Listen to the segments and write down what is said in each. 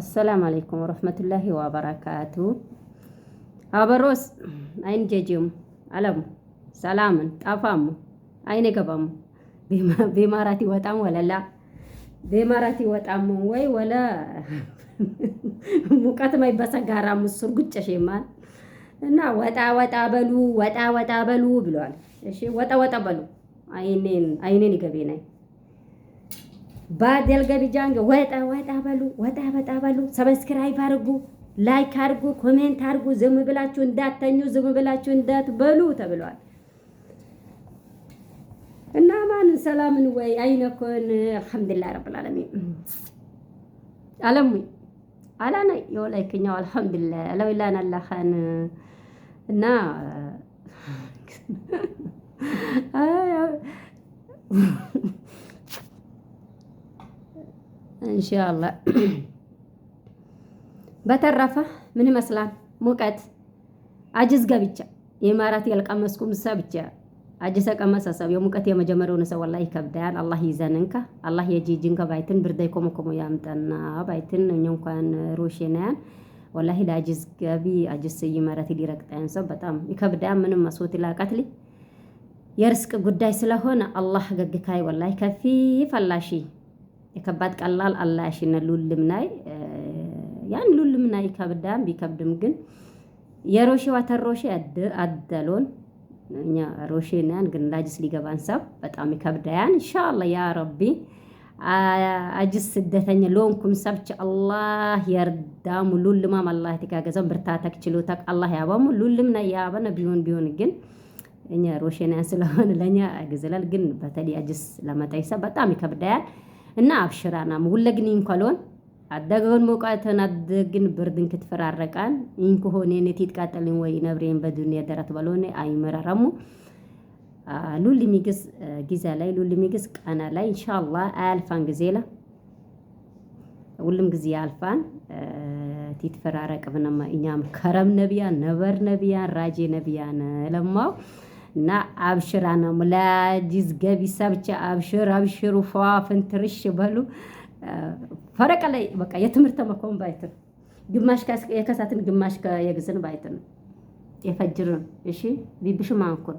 አሰላም አለይኩም ወረህመቱላሂ ወበረካቱ። አበሮስ አይንጀጅሙ አለሙ ሰላምን ጣፋሙ አይን ገባሙ ቤማራት ይወጣሙ ወለላ ቤማራት ይወጣሙ ወይ ወለ ሙቀት ማይበሰጋራ ምስር ጉጨሽ እና ወጣ ወጣ በሉ ወጣ ወጣ በሉ ብለዋል። እሺ ወጣ ወጣ በሉ አይኔን አይኔን ይገቤናይ ባደል ገቢጃንገ ወጣ ወጣ በሉ ወጣ ወጣ በሉ። ሰብስክራይብ አድርጉ፣ ላይክ አድርጉ፣ ኮሜንት አድርጉ። ዝም ብላችሁ እንዳትተኙ፣ ዝም ብላችሁ እንዳትበሉ ተብሏል። እና ማንን ሰላምን ወይ አይነኮን አልሐምዱሊላህ ረብል ዓለሚን አለሙ አላና የወላይክኛው አልሐምዱሊላህ አለውላን አላኸን እና አይ እንሻአላ። በተረፈ ምን ይመስላል ሙቀት አጅዝ ገብቻ የማራት ያልቀመስኩ ምሳ አጅሰ ቀመሰ ሰብ የሙቀት የመጀመሪያው ነው። ወላሂ ይከብዳል። አላህ ይዘንንከ አላህ የጂጂንከ ባይትን ብርዳይ ኮሞ ያምጠና ባይትን እኛ እንኳን ሩሽናን ወላሂ ለአጅዝ ገቢ አጅስ ይመረት ሊረቅጣን ሰብ በጣም ይከብዳል። ምንም መስወት ላቀትሊ የርስቅ ጉዳይ ስለሆነ አላህ ገግካይ ወላሂ ከፊ ፈላሺ የከባድ ቀላል አላ ያሽነ ሉልም ናይ ያን ሉልም ናይ ከብዳም ቢከብድም ግን የሮሼ ዋተሮሼ አደሎን እኛ ሮሼ ያን ግን ላጅስ ሊገባን ሰብ በጣም ይከብዳያን። ኢንሻአላ ያ ረቢ አጅስ ስደተኛ ሎንኩም ሰብች አላህ የርዳሙ ሉልማም አላህ የተጋገዘም ብርታተክ ችሎታክ አላህ ያባሙ ሉልም ናይ ያበነ ቢሆን ቢሆን ግን እኛ ሮሼ ያን ስለሆነ ለኛ ግዝላል ግን በተለይ አጅስ ለመጠይሰ በጣም ይከብዳያል። እና አብሽራናም ሁለግን ይንኳሎን አደገውን ሞቃተን አደግን ብርድን ክትፈራረቃን ይንኮሆኔ ኔት ይትቃጠልን ወይ ነብሬን በዱን ያደረት በሎኔ አይመራራሙ ሉሊ ሚግስ ጊዜ ላይ ሉሊ ሚግስ ቃና ላይ ኢንሻአላህ አያልፋን ጊዜ ላ ሁሉም ጊዜ ያልፋን ትትፈራረቅ ብነማ እኛም ከረም ነቢያን ነበር ነቢያን ራጄ ነቢያን ለማው እና አብሽራ ነው ሙላጅዝ ገቢ ሰብቻ አብሽር አብሽሩ ፏ ትርሽ በሉ ፈረቀ ላይ በቃ የትምህርት ተመኮን ባይት ግማሽ የከሳትን ግማሽ የግዝን ባይት ነው የፈጅርን እሺ ቢብሽ ማንኩን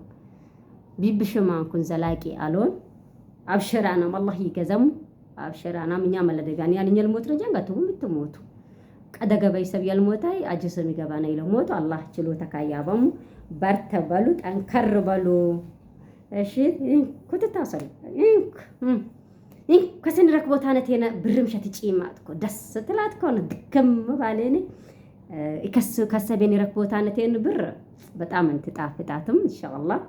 ቢብሽ ማንኩን ዘላቂ አሎን አብሽራ ነው አላህ ይገዘሙ አብሽራ ነው እኛ መለደጋን ያልኛል ሞት ረጃን ጋቱም ምትሞቱ ቀደገበይ ሰብ ያልሞታይ አጅስ የሚገባ ይገባና ይለሞቱ አላህ ችሎ ተካያበሙ በርተ በሉ ጠንከር በሉ። እሺ ኩትታ ሰሉ ኢንክ ኢንክ ቦታ ነት የነ ብርም ሸትጪ ማጥኮ ደስ ትላት ከሆነ ድክም ባለኔ እከስ ከሰቤን ረክ ቦታ ነት የነ ብር በጣም እንትጣፍጣትም ኢንሻአላህ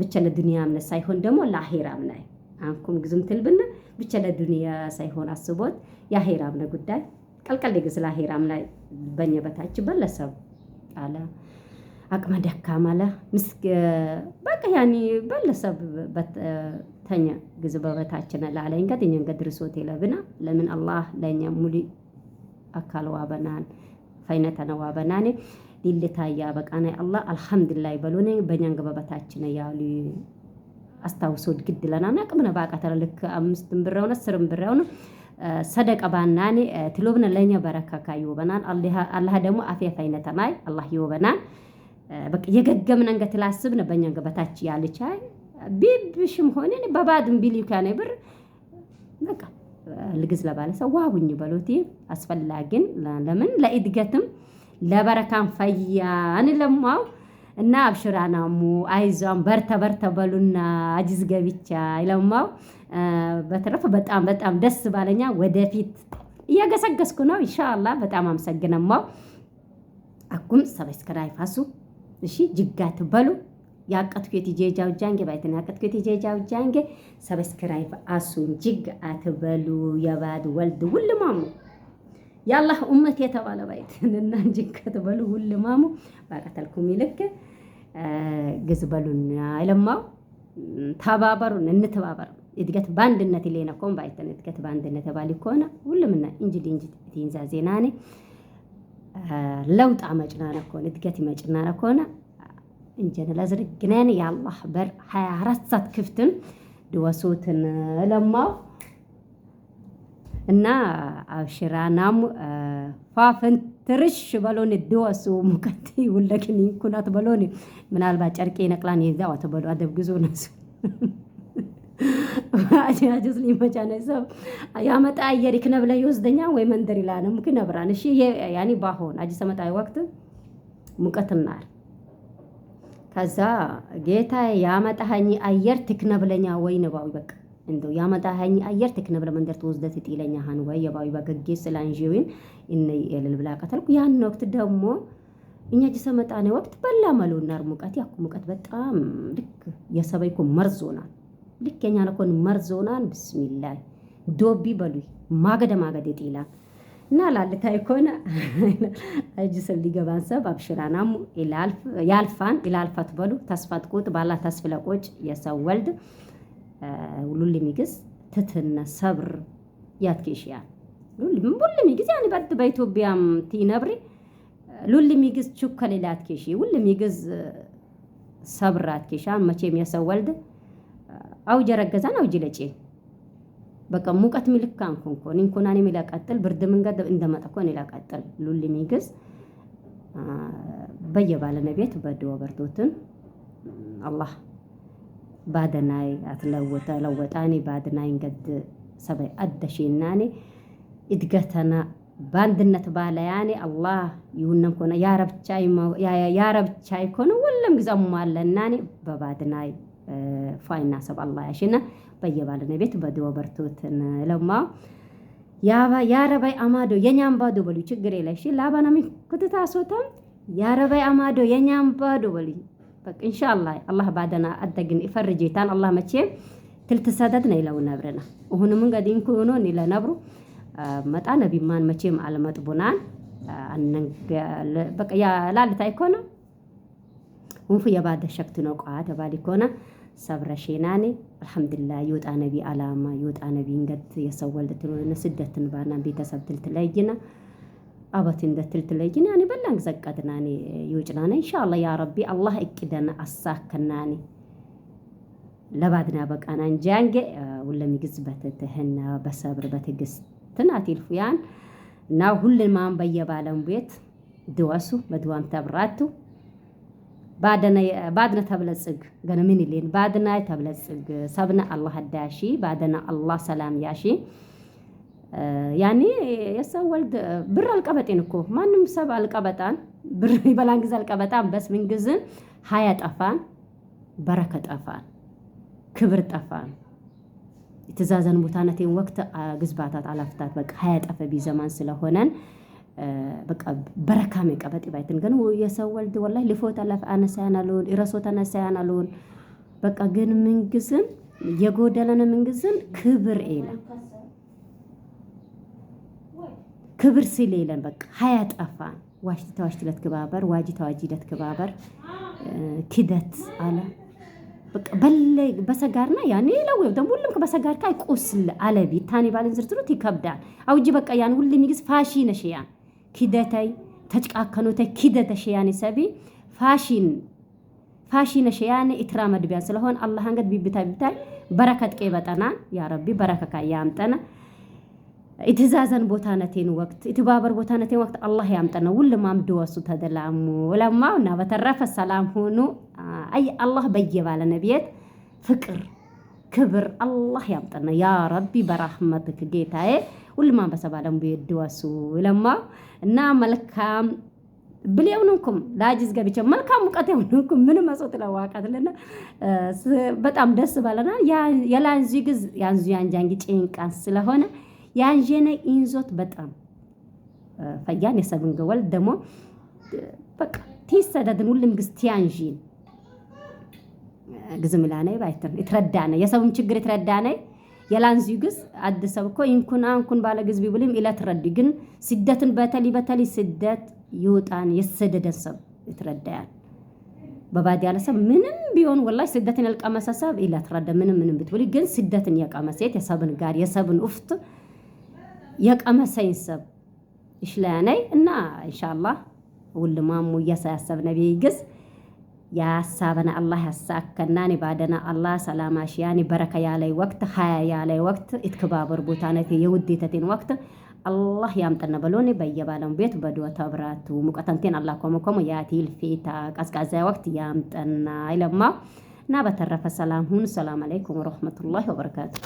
ብቻ ለዱንያም ነው ሳይሆን ደግሞ ለአኺራም ነው። አንኩም ግዝም ትልብና ብቻ ለዱንያ ሳይሆን አስቦት የአኺራም ነው ጉዳይ ቀልቀል ይግዝ ለአኺራም ላይ በኛ በታች በለሰብ አላ አቅመ ደካማ ለምስክ በቃ ያኒ በለሰብ በተኛ ግዝ በበታችን ላለ እንገድ እኛ እንገድ ርሶት የለብና ለምን አላህ ለኛ ሙሉ አካል ዋበናን ፈይነተነ ዋበናን ሊልታ ያ በቃና አላህ አልሐምዱሊላህ በሉኔ በእኛ ግበበታችን ያሉ አስታውሶት ግድ ለናና ቅምነ ባቃተረ ልክ አምስትም ብራውን አስርም ብራውን ሰደቀ ባናኔ ትሎብነ ለኛ በረካካ ይወበናል አላህ ደግሞ አፌ ፈይነተናይ አላህ ይወበናል በቃ የገገምን አንገት ላስብ ነው በእኛ ገበታች ያልቻ ቢብሽም ሆነ በባድም ቢልዩ ካነ ብር በቃ ልግዝ ለባለ ሰው ዋቡኝ በሎቴ አስፈላጊን ለምን ለእድገትም ለበረካን ፈያን ለማው እና አብሽራናሙ አይዟም በርተ በርተ በሉና አጅዝ ገብቻ ይለማው። በተረፈ በጣም በጣም ደስ ባለኛ ወደፊት እያገሰገስኩ ነው። ኢንሻአላህ በጣም አመሰግነማው። አኩም ሰብስክራይብ አሱ እሺ ጅጋ ትበሉ ያቀትኩት የቲጄጃው ጃንጌ ባይተን ያቀትኩት የቲጄጃው ጃንጌ ሰብስክራይብ አሱን ጅግ አትበሉ የባድ ወልድ ውልማሙ ያላህ ኡመት የተባለ ባይት ባይተንና ጅግ አትበሉ ውልማሙ ባቀተልኩም ይልክ ግዝበሉና ይለማው ተባበሩን እንተባበር እድገት ባንድነት ሌነኮም ባይተን እድገት በአንድነት ባሊኮና ሁሉምና እንጂ እንጂ ዲንዛ ዜናኔ ለውጥ አመጭናነ ኮነ እድገት ይመጭናነ ኮነ እንጀነ ለዝርግ ግናን የአላህ በር 24 ሰዓት ክፍትን ድወሱትን ለማው እና አብሽራናም ፋፍን ትርሽ በሎን ድወሱ ሙከት ውለክን ኩናት በሎን ምናልባት ጨርቄ ነቅላን የዛ ወተበሎ አደብ ግዞ ነሱ አጀስ ሊመቻ ነው ሰብ ያመጣ አየር ይክነብ ይወስደኛ ወይ መንደር ይላል ምክ ነብራን እሺ ያኒ ባሆን አጂ ሰመጣ ወቅት ሙቀትናል ከዛ ጌታ ያመጣኸኝ አየር ትክነብለኛ ወይ ነባዊ በቃ እንደው ያመጣኸኝ አየር ትክነብለ መንደር ትወስደ ትጥለኛ ሀን ወይ የባዊ በገጌ ስላንጂውን እነ የለል ብላ ቀተልኩ ያን ወቅት ደግሞ እኛ ጅ ነው ወቅት በላ መሎናር ሙቀት ያኩ ሙቀት በጣም ልክ የሰበይኩ መርዞናል ልኬኛ ነኮን መርዞናን ብስሚላይ ዶቢ በሉይ ማገደ ማገደ ጤላን እና ላልታይ ኮነ እጅ ስል ሊገባን ሰብ አብሽራናሙ ያልፋን ይላልፋት በሉ ተስፋት ቁጥ ባላ ተስፍ ለቆጭ የሰው ወልድ ሁሉን የሚግዝ ትትነ ሰብር ያትኬሽያ ሁሉ የሚግዝ ያን በድ በኢትዮጵያም ቲነብሪ ሉል የሚግዝ ቹከሌ ላትኬሺ ሁሉ የሚግዝ ሰብር አትኬሻ መቼም የሰው ወልድ አው ጀረገዛን አው ጅለጭ በቃ ሙቀት ሚልካን ኮንኮን እንኮናን ሚላቃጥል ብርድ መንገድ እንደመጠኮን ይላቃጥል ሉል ሚግዝ በየባለነ ቤት በድወ በርቶትን አላህ ባደናይ አትለወጠ ለወጣኒ ባድናይ እንገድ ሰበይ አደሽናኒ እድገተና በአንድነት ባለ አላህ ይሁነን ኮነ ያረብቻይ ያረብቻይ ኮነ ወለም ግዛሙ አለናኒ በባድናይ ፋይና ሰብ አላህ ያሽነ በየባልነ ቤት በድወ በርቶት ለማ ያረባይ አማዶ የኛም ባዶ በሉ ችግር የለሽ ላባናሚ ኩትታ ሶተም ያረባይ አማዶ የኛም ባዶ በሉ በቃ ኢንሻአላ አላህ ባደና አደግን ይፈርጅታን አላህ መቼም ትልትሰደድ ነው ይለው ነብረና ሁንም እንግዲ እንኩ ሆኖ ኒለ ነብሩ መጣ ነቢማን መቼም አልመጥቡናን በቃ ያላልታይ ኮና ಕುಂಫು ಯವಾದ ነው ቋ ተባሊኮና ሰብረ ሼናኔ አልሐምዱላ ይወጣ ነቢ አላማ ይወጣ ነቢ እንገት የሰው ወልድ ትሎነ ስደትን ባና ቤተሰብ ትልትለይና አበት እንደ ትልትለይና ኔ በላን ዘቀድናኔ ይውጭናኔ ኢንሻአላህ ያ ረቢ አላህ እቅደና አሳከናኔ ለባድና በቃና እንጃንጌ ሁለም ይግዝበት ትህና በሰብር በትዕግስት ትናት ይልፉያን እና ሁሉም ማን በየባለም ቤት ድወሱ በድዋም ተብራቱ ባድነ ተብለጽግ ገነ ምን ይልን ባድናይ ተብለጽግ ሰብነ አላህ ዳሺ ባደና አላህ ሰላም ያሺ ያኒ የሰው ወልድ ብር አልቀበጤን እኮ ማንም ሰብ አልቀበጣን ብር ይበላን ጊዜ አልቀበጣን በስ ምን ግዝን ሀያ ጠፋን በረከ ጠፋን ክብር ጠፋን የትእዛዘን ቦታነቴን ወቅት ግዝባታት አላፍታት በቃ ሀያ ጠፈ ቢዘማን ስለሆነን በቃ በረካሜ ቀበጥ ባይትን ግን የሰው ወልድ ወላሂ ልፎት አላፍ አነሳያን ይረሶታ ረሶት አነሳያን በቃ ግን ምንጊዝም የጎደለን ምንጊዝም ክብር የለን ክብር ሲል የለን በቃ ሀያ ጠፋን። ዋሽት ተዋሽት ለት ክባበር ዋጂ ተዋጂ ለት ክባበር ክደት አለ በቃ በለ በሰጋርና ያኔ ለው ደግሞ ሁሉም በሰጋር ይቆስል አለቢ ታኒ ባለን ዝርዝሩት ይከብዳል አውጂ በቃ ያን ሁሉ ሚግዝ ፋሺ ነሽ ያን ኪደተይ ተጭቃከኖተይ ኪደተሽ ያኒ ሰቢ ፋሽን ፋሽነሽ ያኒ ኢትራ መድቢያን ስለሆን አላህ አንገድ ቢብታይ ቢብታይ በረከት ቄበጠና ያ ረቢ በረከካ ያምጠና ኢትዛዘን ቦታነቴን ወቅት ኢትባበር ቦታነቴን ወቅት አላህ ያምጠና ውልም አምድ ተደላሙ ለማው እና በተረፈ ሰላም ሆኑ አይ አላህ በየባለ ነቢየት ፍቅር ክብር አላህ ያምጠና ያ ረቢ በራህመትክ ጌታዬ ሁሉማን በሰባለም ቢድዋሱ ለማ እና መልካም ብሌውንኩም ለአጂዝ ገብቼ መልካም ሙቀት የሆንኩም ምን መጽት ለዋቃትልና በጣም ደስ ባለና የላንዚ ግዝ ያንዙ ያንጃንጊ ጭንቃን ስለሆነ ያንዤነ ኢንዞት በጣም ፈያን የሰብንገወል ደግሞ በቃ ቴሰደድን ሁሉም ግዝ ቲያንዢን ግዝምላ ነይ ግዝምላናይ ባይትን ነይ የሰብም ችግር ነይ የላንዚዩ ግዝ አድ ሰብ እኮ ይንኩን አንኩን ባለ ግዝቢ ቢብልም ኢለ ትረዱ ግን ስደትን በተሊ በተሊ ስደት ይውጣን የሰደደን ሰብ ይትረዳያን በባድ ያለ ሰብ ምንም ቢሆን ወላሽ ስደትን ያልቀመሰ ሰብ ኢለ ትረዳ ምንም ምንም ብትብል ግን ስደትን የቀመሰት የሰብን ጋር የሰብን ውፍት የቀመሰይን ሰብ ነይ እና ኢንሻአላህ ውልማሙ እያሳያሰብ ነቢይ ግዝ የሀሳበነ አላህ ያሳከናን ባደነ አላህ ሰላማሽ ያኔ በረከ ያለይ ወቅት ሀያ ያለይ ወቅት ኢትክባበር ቦታነት የውዴተቴን ወቅት አላህ ያምጠነ በሎኒ በየባለም ቤት በዶ ተብራቱ ሙቀተንቴን አላህ ኮሞ ያቲል ፌታ ቀዝቃዛ ወቅት ያምጠና ይለማ እና በተረፈ ሰላም ሁን። ሰላም አለይኩም ወረህመቱላሂ ወበረካቱ